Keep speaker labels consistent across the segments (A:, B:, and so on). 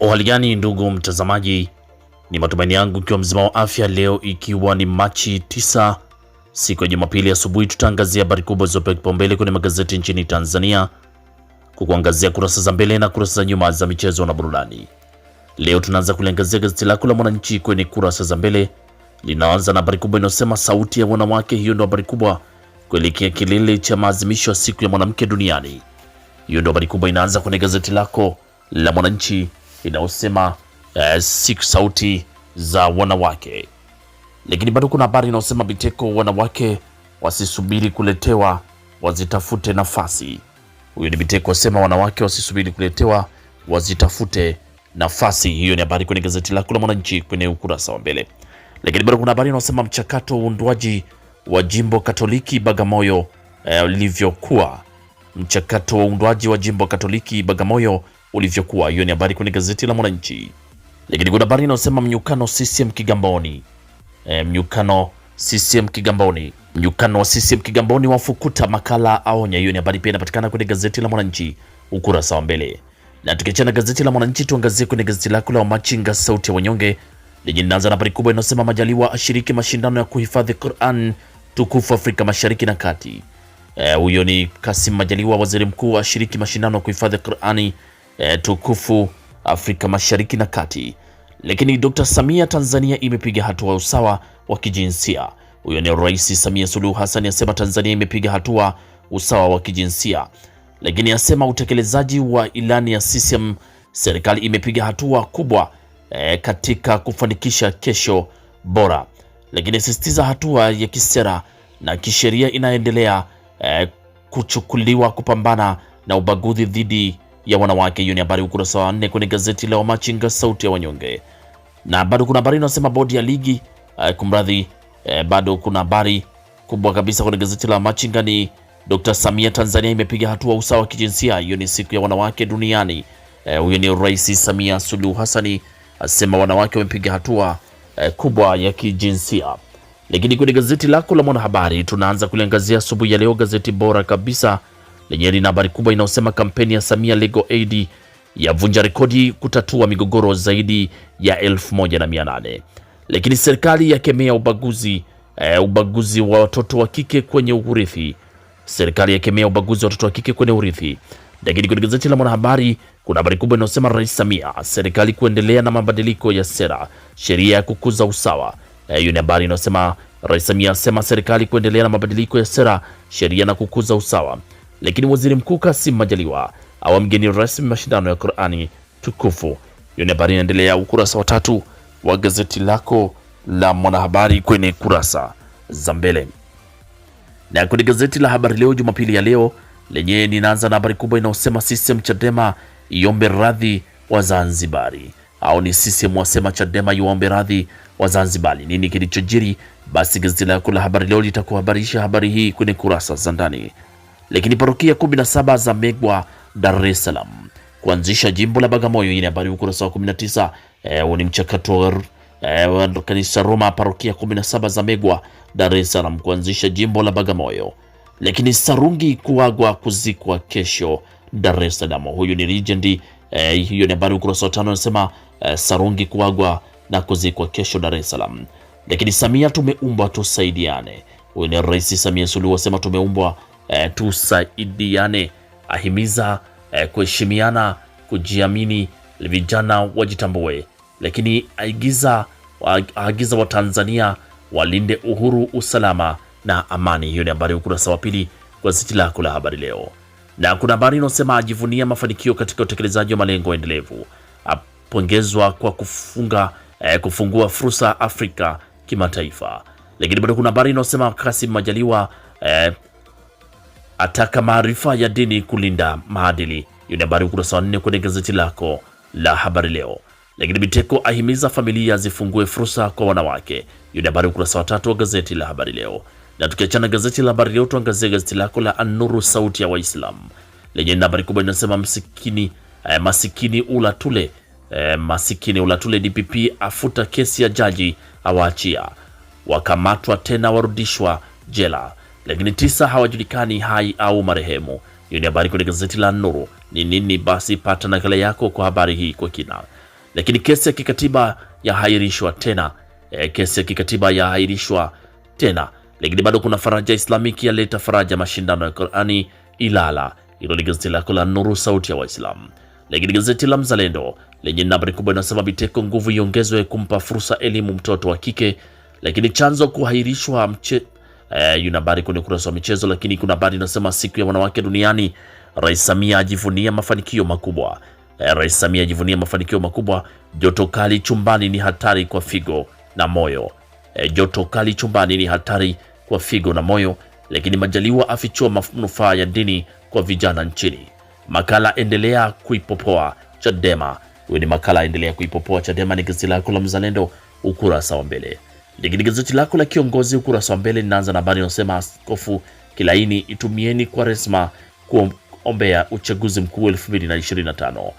A: uhaligani gani ndugu mtazamaji, ni matumaini yangu ikiwa mzima wa afya. Leo ikiwa ni Machi 9 siku ya Jumapili asubuhi, tutaangazia habari kubwa zilizopewa kipaumbele kwenye magazeti nchini Tanzania, kukuangazia kurasa za mbele na kurasa za nyuma za michezo na burudani. Leo tunaanza kuliangazia gazeti lako la Mwananchi kwenye kurasa za mbele, linaanza na habari kubwa inayosema sauti ya wanawake. Hiyo ndio habari kubwa kuelekea kilele cha maadhimisho ya siku ya mwanamke duniani. Hiyo ndio habari kubwa inaanza kwenye gazeti lako la Mwananchi inayosema eh, siku sauti za wanawake. Lakini bado kuna habari inayosema Biteko, wanawake wasisubiri kuletewa, wazitafute nafasi. Huyo ni Biteko asema wanawake wasisubiri kuletewa, wazitafute nafasi. Hiyo ni habari kwenye gazeti lako la Mwananchi kwenye ukurasa wa mbele. Lakini bado kuna habari inayosema mchakato uundwaji wa jimbo Katoliki Bagamoyo ulivyokuwa. Eh, mchakato wa uundwaji wa jimbo Katoliki Bagamoyo eh, ulivyokuwa. Hiyo ni habari kwenye gazeti la Mwananchi, lakini kuna habari inayosema mnyukano CCM Kigamboni. E, mnyukano CCM Kigamboni, mnyukano wa CCM Kigamboni wafukuta makala aonya. Hiyo ni habari pia inapatikana kwenye gazeti la Mwananchi ukurasa wa mbele. Na tukiachana gazeti la Mwananchi, tuangazie kwenye gazeti lako la Wamachinga sauti ya wanyonge lenye linaanza na habari kubwa inayosema Majaliwa ashiriki mashindano ya kuhifadhi Qur'an tukufu Afrika Mashariki na Kati. Eh, huyo e, ni Kasim Majaliwa, waziri mkuu, ashiriki mashindano ya kuhifadhi Qur'ani e, tukufu Afrika Mashariki na Kati. Lakini Dr. Samia, Tanzania imepiga hatua usawa wa kijinsia. Huyo ni Rais Samia Suluhu Hassan asema Tanzania imepiga hatua usawa wa kijinsia, lakini asema utekelezaji wa ilani ya CCM serikali imepiga hatua kubwa e, katika kufanikisha kesho bora, lakini asisitiza hatua ya kisera na kisheria inaendelea e, kuchukuliwa kupambana na ubaguzi dhidi ya wanawake. Hiyo ni habari ukurasa wa nne kwenye gazeti la Wamachinga, sauti ya wanyonge. Na bado kuna habari inasema bodi ya ligi uh, kumradhi uh, bado kuna habari kubwa kabisa kwenye gazeti la Wamachinga ni Dr. Samia, Tanzania imepiga hatua usawa kijinsia. Hiyo ni siku ya wanawake duniani. Eh, huyo uh, ni Rais Samia Suluhu Hassani asema wanawake wamepiga hatua uh, kubwa ya kijinsia. Lakini kwenye gazeti lako la Mwanahabari tunaanza kuliangazia asubuhi ya leo, gazeti bora kabisa lenyewe lina habari kubwa inayosema kampeni ya Samia Legal Aid yavunja rekodi kutatua migogoro zaidi ya 1800 Lakini serikali yakemea ubaguzi, e, ubaguzi wa watoto wa kike kwenye urithi. Serikali yakemea ubaguzi wa watoto wa kike kwenye urithi. Lakini kwenye gazeti la Mwanahabari kuna habari kubwa inayosema Rais Samia, serikali kuendelea na mabadiliko ya sera, sheria ya kukuza usawa. Eh, hiyo ni habari inayosema Rais Samia asema serikali kuendelea na mabadiliko ya sera, sheria na kukuza usawa. Lakini waziri mkuu Kassim Majaliwa awa mgeni rasmi mashindano ya Qur'ani tukufu. Hiyo ni habari inaendelea ukurasa wa tatu wa gazeti lako la Mwanahabari kwenye kurasa za mbele. Na kwenye gazeti la Habari Leo Jumapili ya leo lenyewe ninaanza na habari kubwa inayosema CCM Chadema iombe radhi wa Zanzibari au ni CCM wasema Chadema iwaombe radhi wa Zanzibari. Nini kilichojiri? Basi gazeti lako la Habari Leo litakuhabarisha habari hii kwenye kurasa za ndani. Lakini parokia 17 za Megwa, Dar es Salaam kuanzisha jimbo la Bagamoyo. Hii ni habari ukurasa wa 19. Eh, ni mchakato wa e, kanisa Roma parokia 17 za Megwa, Dar es Salaam kuanzisha jimbo la Bagamoyo. Lakini Sarungi kuagwa kuzikwa kesho Dar es Salaam. Huyu ni legend eh, hiyo ni habari ukurasa wa 5 anasema eh, Sarungi kuagwa na kuzikwa kesho Dar es Salaam. Lakini Samia tumeumbwa tusaidiane. Huyu ni Rais Samia Suluhu asema tumeumbwa e, tusaidiane. Ahimiza e, kuheshimiana, kujiamini, vijana wajitambue. Lakini aigiza aagiza Watanzania walinde uhuru, usalama na amani. Hiyo ni habari ya ukurasa wa pili gazeti lako la habari leo, na kuna habari inayosema ajivunia mafanikio katika utekelezaji wa malengo endelevu, apongezwa kwa kufunga eh, kufungua fursa Afrika kimataifa. Lakini bado kuna habari inayosema Kasim Majaliwa eh, ataka maarifa ya dini kulinda maadili. Hiyo ni habari ukurasa wa nne kwenye gazeti lako la habari leo. Lakini Biteko ahimiza familia zifungue fursa kwa wanawake. Hiyo ni habari ukurasa wa tatu wa gazeti la habari leo. Na tukiachana gazeti la habari leo, tuangazie gazeti lako la Anuru sauti ya waislam lenye habari kubwa inasema msikini, eh, masikini ula tule eh, masikini ulatule. DPP afuta kesi ya jaji awaachia, wakamatwa tena warudishwa jela lakini tisa hawajulikani hai au marehemu. Hiyo ni habari kwenye gazeti la Nuru. Ni nini basi? Pata nakala yako kwa habari hii kwa kina. Lakini kesi ya kikatiba yahairishwa tena e, kesi ya kikatiba yahairishwa tena. Lakini bado kuna Faraja Islamiki yaleta faraja mashindano ya Qurani Ilala. Hilo ni gazeti lako la Nuru, sauti ya Waislamu. Lakini gazeti la Mzalendo lenye nambari kubwa inasema Biteko, nguvu iongezwe kumpa fursa elimu mtoto wa kike. Lakini chanzo kuhairishwa mche, eh, yuna habari kwenye ukurasa wa michezo, lakini kuna habari inasema siku ya wanawake duniani, Rais Samia ajivunia mafanikio makubwa. Eh, Rais Samia ajivunia mafanikio makubwa. Joto kali chumbani ni hatari kwa figo na moyo. Eh, joto kali chumbani ni hatari kwa figo na moyo. Lakini Majaliwa afichua manufaa ya dini kwa vijana nchini. Makala endelea kuipopoa Chadema. Huyu ni makala endelea kuipopoa Chadema, ni gazeti lako la Mzalendo ukurasa wa mbele. Lakini gazeti lako la Kiongozi ukurasa wa mbele linaanza na habari inayosema Askofu Kilaini, itumieni Kwaresma kuombea uchaguzi mkuu 2025.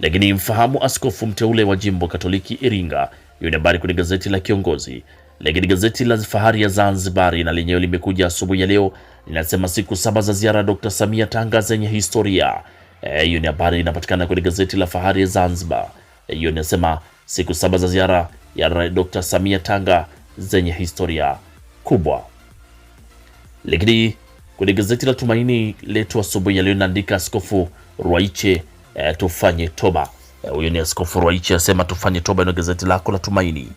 A: Lakini mfahamu askofu mteule wa jimbo Katoliki Iringa. Hiyo ni habari kwenye gazeti la Kiongozi. Lakini gazeti la Fahari ya Zanzibari na lenyewe limekuja asubuhi ya leo, linasema siku saba za ziara Dr. Samia Tanga zenye historia. E, hiyo e, ni habari inapatikana kwenye gazeti la Fahari ya Zanzibar. E, hiyo e, inasema siku saba za ziara ya Dr. Samia Tanga zenye historia kubwa. Lakini kwenye gazeti la Tumaini letu asubuhi yaliyo naandika Askofu Ruwaiche eh, tufanye toba. Huyo eh, ni Askofu Ruwaiche asema tufanye toba, ino gazeti lako la Tumaini.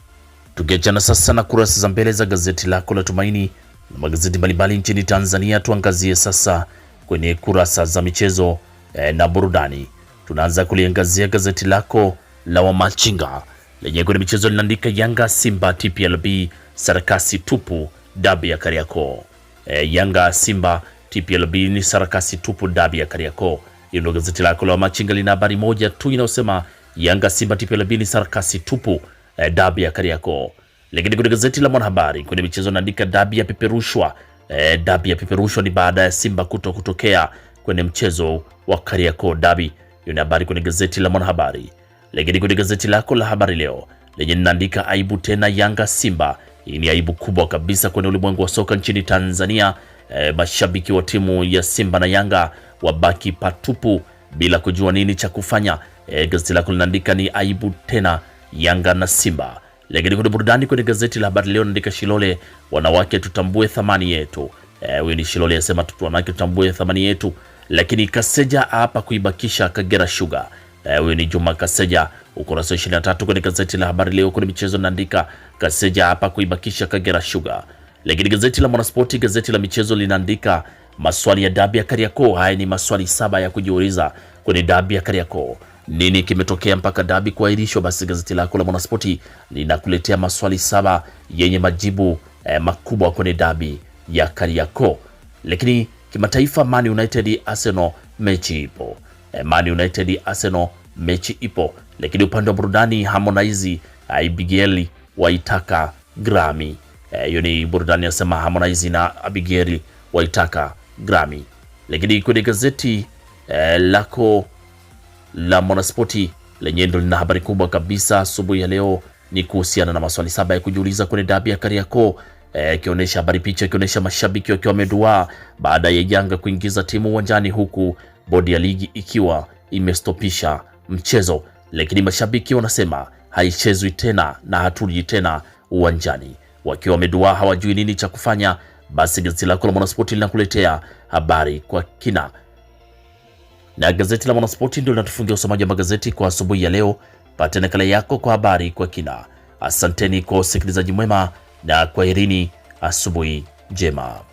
A: Tukiachana sasa na kurasa za mbele za gazeti lako la Tumaini na magazeti mbalimbali nchini Tanzania, tuangazie sasa kwenye kurasa za michezo eh, na burudani. Tunaanza kuliangazia gazeti lako la Wamachinga lenye kwenye michezo linaandika Yanga, Simba, TPLB sarakasi tupu dabi ya Kariakoo. E, Yanga, Simba, TPLB ni sarakasi tupu dabi ya Kariakoo. Hilo gazeti lako la Machinga lina habari moja tu inayosema Yanga, Simba, TPLB ni sarakasi tupu e, dabi ya Kariakoo. Lakini kwenye gazeti la Mwanahabari kwenye michezo linaandika dabi ya peperushwa e, dabi ya peperushwa ni baada ya Simba kuto kutokea kwenye mchezo wa Kariakoo dabi. Hiyo ni habari kwenye gazeti la Mwanahabari. Lakini kwenye gazeti lako la habari leo lenye linaandika aibu tena Yanga Simba. Hii ni aibu kubwa kabisa kwenye ulimwengu wa soka nchini Tanzania. E, mashabiki wa timu ya Simba na Yanga wabaki patupu bila kujua nini cha kufanya. E, gazeti lako linaandika ni aibu tena Yanga na Simba. Lakini kwenye burudani kwenye gazeti la habari leo naandika Shilole, wanawake tutambue thamani yetu. Eh, huyu e, ni Shilole yasema wanawake tutambue thamani yetu. Lakini Kaseja hapa kuibakisha Kagera Sugar Eh, Huyu ni Juma Kaseja, ukurasa wa 23 kwenye gazeti la Habari Leo. Kwenye michezo naandika Kaseja hapa kuibakisha Kagera Sugar. Lakini gazeti la Mwanaspoti, gazeti la michezo linaandika maswali ya dabi ya Kariakoo. Haya ni maswali saba ya kujiuliza kwenye dabi ya Kariakoo. Nini kimetokea mpaka dabi kuahirishwa? Basi gazeti lako la Mwanaspoti linakuletea maswali saba yenye majibu eh, makubwa kwenye dabi ya Kariakoo. Lakini kimataifa, Man United Arsenal mechi ipo Eh, Man United Arsenal mechi ipo, lakini upande wa burudani Harmonize eh, Abigail waitaka Grammy. Eh, hiyo ni burudani yasema Harmonize na Abigail waitaka Grammy. Lakini kwenye gazeti e, lako la Mwanaspoti lenye ndo lina habari kubwa kabisa asubuhi ya leo ni kuhusiana na maswali saba ya kujiuliza kwenye dabi ya Kariakoo ikionyesha e, habari picha ikionyesha mashabiki wakiwa wamedua baada ya Yanga kuingiza timu uwanjani, huku bodi ya ligi ikiwa imestopisha mchezo, lakini mashabiki wanasema haichezwi tena na hatuji tena uwanjani. Wakiwa wameduaa hawajui nini cha kufanya, basi gazeti lako la Mwanaspoti linakuletea habari kwa kina, na gazeti la Mwanaspoti ndio linatufungia usomaji wa magazeti kwa asubuhi ya leo. pate nakala yako kwa habari kwa kina. Asanteni kwa usikilizaji mwema na kwaherini, asubuhi njema.